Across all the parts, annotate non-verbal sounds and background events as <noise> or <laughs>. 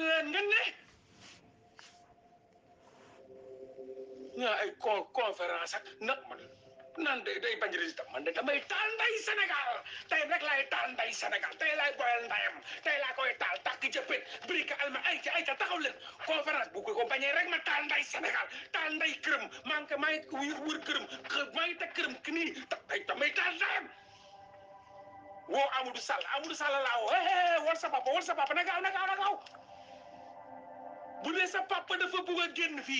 wan leen ngeen ne ñu ay con conférence ak nag man naan day day bañ résultat man de damay taal nday Sénégal tey rek laay taal nday Sénégal tey laay boyal ndayam tey laa koy taal takk jëppit brique alma ay ca ay taxaw leen conférence bu ko rek ma taal nday Sénégal taal kërëm maa ngi ko wër kërëm maa ngi teg kërëm ki nii damay taal ndayam woo Amadou Sall Amadou Sall laa woo war sa papa war sa papa na gaaw bu dee sa papa dafa bëgg a génn fi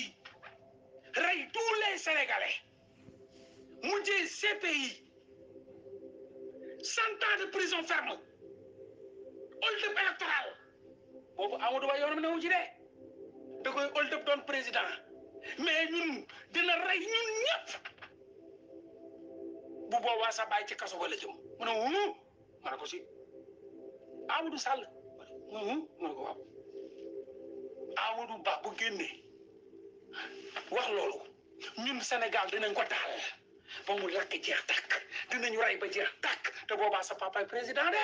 rey tous les sénégalais mujjee CPI cent ans de prison ferme hold-up électoral boobu Amadou Ba yoonam newu ci de da koy hold-up doon président mais ñun dina rey ñun ñëpp bu boobaa sa bàyyi ci kaso ba la jëm mu ne wuu ma ne ko si Amadou Sall mu ne ko waaw Amadou Ba bu génnee wax loolu ñun Sénégal dinañ ko taal ba mu lakk jeex tàkk dinañu ray ba jeex tàkk te booba sa papaay président de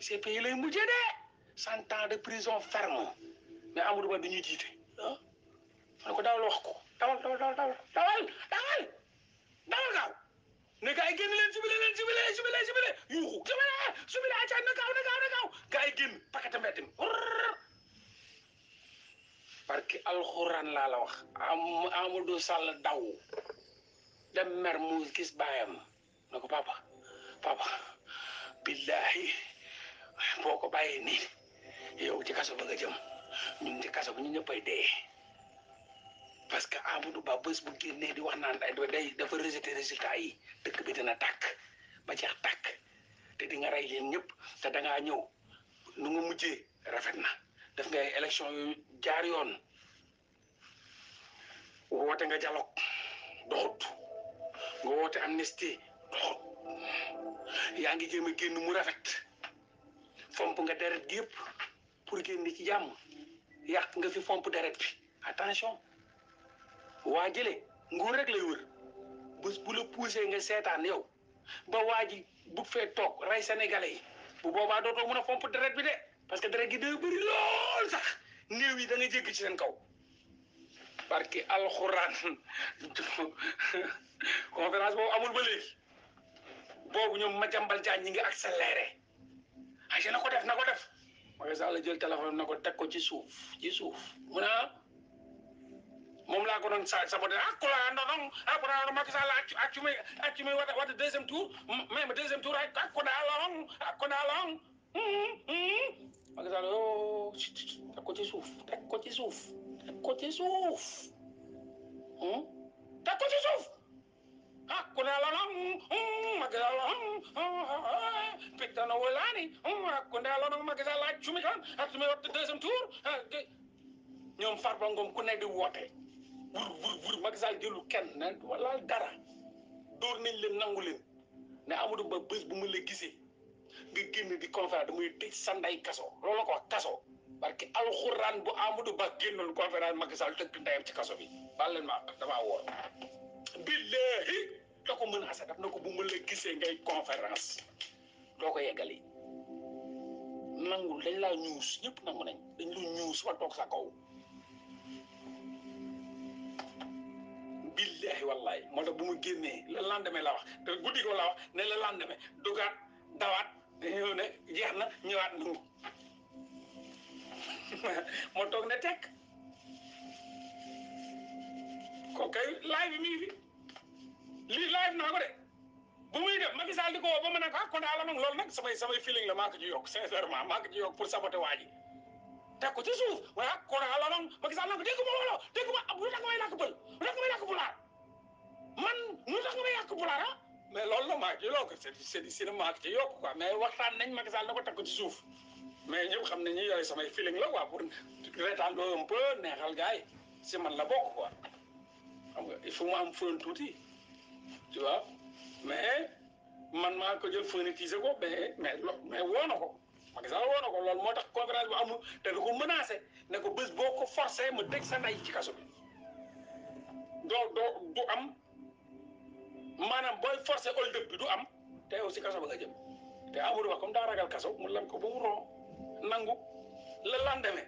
ces pays lay mujjee de cent ans de prison ferme mais Amadou Ba dañuy jiite ah ma ne dawal wax ko dawal dawal dawal dawal dawal dawal gaaw ne gars yi leen subile leen subile subile subile yuuxu subile subile acca na gaaw na gaaw na gaaw gars yi génn paquet barki Quran la la wax am Amadou Sall daw dem mer mu gis bayam nako papa papa billahi pokok bayi ni yow ci kasso ba nga jëm ñun ci kasso ñu ñëppay dé parce que Amadou Ba bëss bu gënné di wax naan day dafa rejeter résultat yi dëkk bi dina tak ba jax tak té di nga ray leen ñëpp té da nga ñëw nu nga mujjé rafet na def ngay élection yu jaar yoon woote nga dialogue doxut nga woote amnistie doxut yaa ngi jéem a génn mu rafet fomp nga deret gi yëpp pour génn ci jàmm yàq nga fi fomp deret bi attention waa jële nguur rek lay wër bés bu la nga seetaan yow ba waa ji bug fee toog rey sénégalais yi bu boobaa dootoo mën a fomp deret bi de parce que deret gi day bëri lool sax néew yi da nga jégg ci seen kaw barki alxuraan conférence boobu amul ba léegi boobu ñoom Madiambal Diagne ñi ngi accéléré aja ah, na ko def na def Macky Sall jël téléphone na ko teg ko ci suuf ci suuf mu ne ah, moom laa ko doon sa saboté ah, ak ku laa ndonoŋ ak ku laa Macky deuxième tour même deuxième tour ak ak ku naa loŋ ak ku naa loŋ hmm, hmm. Macky Sall oh, teg ko ci suuf teg ci suuf def ko ci suuf def ko ci suuf ah ku ne la Macky Sall ah pittana walaani ah ku ne la Macky Sall laaj sumi kan ak sumi wat deuxième tour ah, ñoom Farba Ngom ku ne di woote wur wur wur Macky Sall jëlu kenn ne wala dara dóor nañ leen nangu leen ne Amadou Ba bés bu ma la gisee nga génn di conférence damay tëj sanday kaso loolu ko kaso barke Alquran bu Amadou Ba génnoon conférence Macky Sall tëj ndeyam ci kasso bi balen ma dama wo billahi da meun mën asa daf nako bu mën la gisse ngay conférence doko yegali nangul dañ news, ñuus ñëpp nangu nañ dañ lu news wa tok sa kaw billahi wallahi mo do bu mu genné le lendemain la wax te guddigo la wax ne le lendemain dugat dawat ñu ne jeex na ñëwaat <laughs> ma toog ne tekk ko kay live bi mi ngi fi lii live naa ko de bu muy def Macky di ko ba ma nekk ko ah kon àll nag loolu samay samay feeling la maa ko ci yokk sincèrement maa ko ci yokk pour saboter waa ji teg ko ci suuf waaye ah kon àll nag Macky Sall nag dégg ma looloo dégg ma ab ah, lu may làkk pël man lu tax nga may làkk pulaar ah mais loolu la maa ko ci yokk c'est c'est du cinéma maa yokk quoi mais waxtaan nañ Macky Sall na ko teg ko ci suuf. mais ñëpp xam ne ñi yore samay feeling la quoi pour reetaan doo un peu neexal gars yi si man la bokk quoi xam nga il faut mu am fën tuuti tu vois mais man maa ko jël fënitiser ko mais mais lo mais woo na ko Macky Sall woo na ko loolu moo tax conférence bu amul te du ko menacé ne ko bés boo ko forcé mu teg sa ndey ci kaso bi doo doo du am maanaam booy forcé hold up bi du am te yow si kaso ba nga jëm te Amadou Ba comme daa ragal kaso mu lam ko ba mu ron nangu le lendemain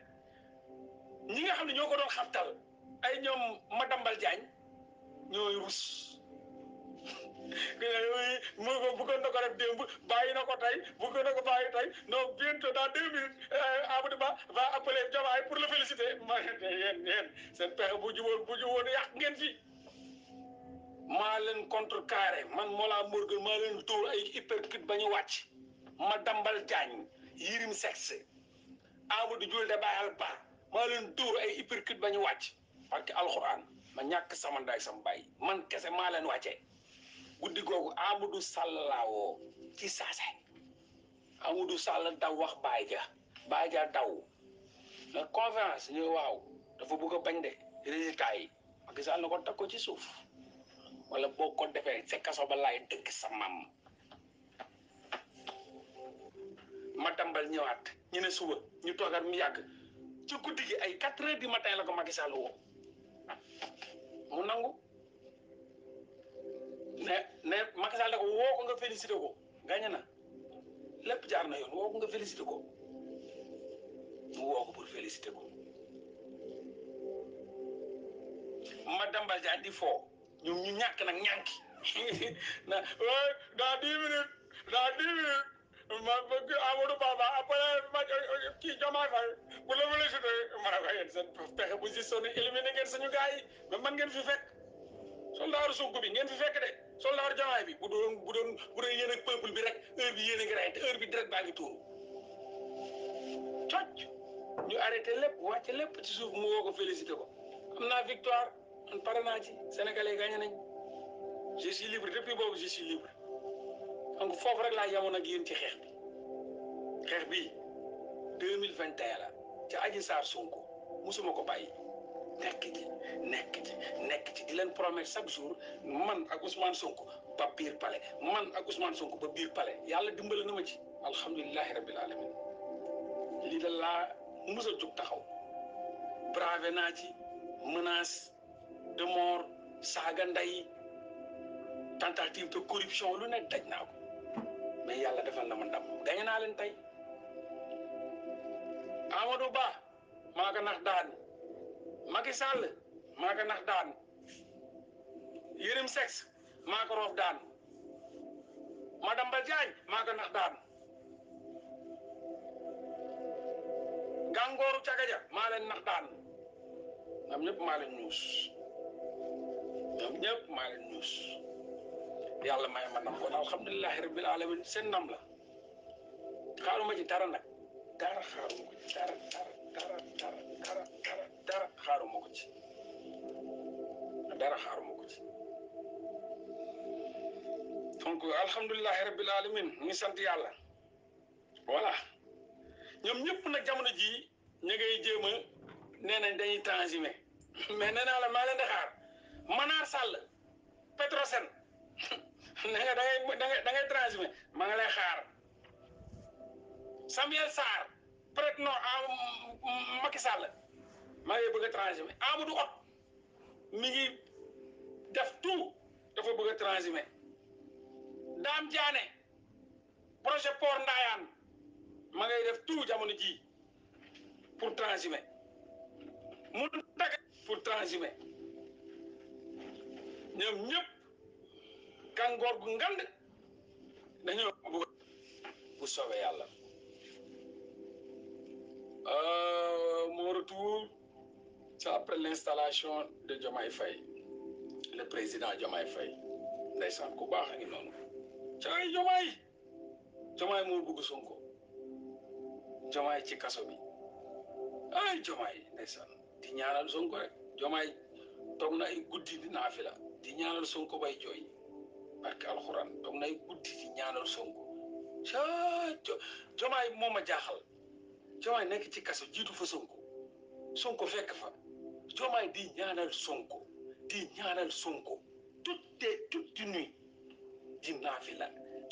ñi nga xamni ñoko doon xabtal ay ma dambal jañ ñoy rus mo ko bu ko ndoko def démb bàyyi na ko tey bëggoon na ko bàyyi tey non bientôt dans 2 minutes euh, Amadou Ba va appeler jabaay pour le féliciter ma yeen yeen seen pexe bu juboon bu juboon yàq ngeen fi maa leen carré man mola Morgun ma leen tour ay hyper kit bañu wacc ma dambal jañ yirim sexe amadou jul da bayal ba ma len dóor ay hypercute bañu wacc parce alquran ma ñak sama nday sama bay man kesse ma len wacce guddi gogu amu du sallawo ci sase amu du sall daw wax baay ja baay ja daw la conférence ñu waaw dafa bëgg bañ de résultat yi ak Sall na ko takko ci suuf wala boo defé ci kasso ba lay dëkk sa mam ma dambal ñëwaat ñu ne suba ñu toogaat mu yàgg ci guddi gi ay quatre heures di matin la ko Macky Sall woo mu nangu ne ne Macky ko woo ko nga félicité ko gañe na lépp jaar na yoon woo ko nga félicité ko mu woo ko pour félicité ko ma jaa di foo ñu ñàkk nag ñànki <laughs> na eh, dans dix minutes Diomaye Faye bu la wëlesité ma ne ko yéen seen pexe bu gis son éliminé ngeen suñu gars yi ba man ngeen fi fekk soldaaru Sonko bi ngeen fi fekk de soldaaru Diomaye bi bu doon bu doon bu ak peuple bi rek heure bi yéen a ngi rayante bi direct baa ngi tuuru cocc ñu arrêté lépp wàcce lépp ci suuf mu woo ko félicité ko am naa victoire man pare naa ci sénégalais gagné nañ je suis libre depuis boobu je suis libre donc foofu rek laa yemoon ak yéen ci xeex bi xeex bi deux mille vingt et un la ci Adji Sarr Sonko musuma ko bàyyi nekk ci nekk ci nekk ci di leen promettre chaque jour man ak Ousmane Sonko ba biir palais man ak Ousmane Sonko ba biir palais yàlla dimbale na ma ci alhamdulilahi rabbil alamin lii da laa mus a taxaw bravé naa ci menace de mort saaga ndey tentative de corruption lu ne daj naa ko mais yàlla defal na ma ndam gañe naa leen Amadou Ba maka ko nax daan Macky Sall maa ko nax daan Yérim Seck maa ko roof daan Madame Ba Diagne maa ko nax daan gàngooru cagaja maa leen nax daan ñoom ñëpp maa leen ñuus ñoom ñuus ya rabbil alamin seen nam la xaaruma ci dara xaaruma ko ci dara dara dara dara dara dara xaaruma ko ci dara xaaruma ko ci donc alhamdulilahi rabbil alamin ñu sant yàlla voilà ñoom ñëpp nag jamono ji ñu ngay jéem dañuy transhumé mais nee la maa leen xaar manaar sàll petrosen ne nga da ngay da ngay da ngay transhumé maa ngi lay xaar Samuel sar, prétendant à Macky Sall maa ngi bëgg a transhumer Amadou Hott mi ngi def tout dafa bëgg a transhumer Dame Diané projet port Ndayane ma ngay def tout jamono ji pour transhumer mu tag pour ñëpp Euh, mon retour, c'est après l'installation de Diomaye Faye, le président Diomaye Faye. ndeysaan ku baax a ngi noonu. caay Diomaye moo bëgg Sonko Diomaye ci kaso bi ay Diomaye ndeysaan di ñaanal Sonko rek Diomaye toog na ay guddi di naafila di ñaanal Sonko bay jooy barke alxuraan toog na ay guddi di ñaanal Sonko caa Diomaye moo ma jaaxal. Diomaye nekk ci kaso jiitu fa Sonko Sonko fekk fa Diomaye di ñaanal Sonko di ñaanal Sonko toute toute nuit di naafila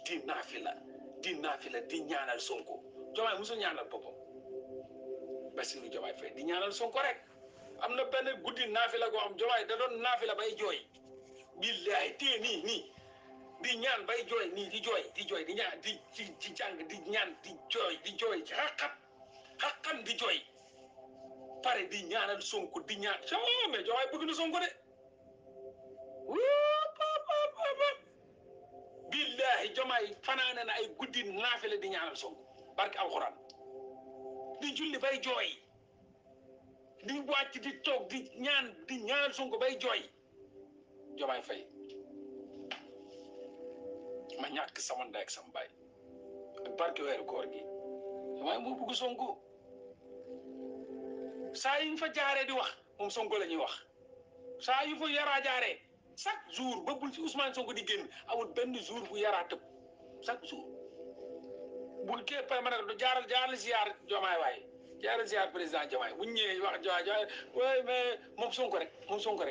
di naafila di naafila di ñaanal Sonko Diomaye musul ñaanal boppam Bassirou Diomaye Faye di ñaanal Sonko rek am na benn guddi naafila goo xam Diomaye da doon naafila bay jooy billaay tee nii nii di ñaan bay jooy nii di jooy di ñaan di ci di ñaan di jooy di xaqan di jooy pare di ñaanal Sonko di ñaan oh mais Diomaye bëgg na Sonko de wuu billahi Diomaye fanaane na ay guddi naafile di ñaanal Sonko barke alxuraan di julli bay jooy di wàcc di toog di ñaan di ñaanal Sonko bay jooy Diomaye Faye ma ñàkk sama ndey ak sama barke weeru koor gi waaye moo bëgg Sonko saa yuñ fa jaaree di wax moom Sonko la ñuy wax saa yu fa yaraa jaaree chaque jour ba bul ci Ousmane Sonko di génn amul benn jour bu yaraa tëb chaque jour bu kii pare ma ne ko jaaral jaaral ziar Diomaye waaye jaaral ziar président Diomaye bu ñu ñëwee wax Diomaye waaye mais moom Sonko rek moom Sonko rek.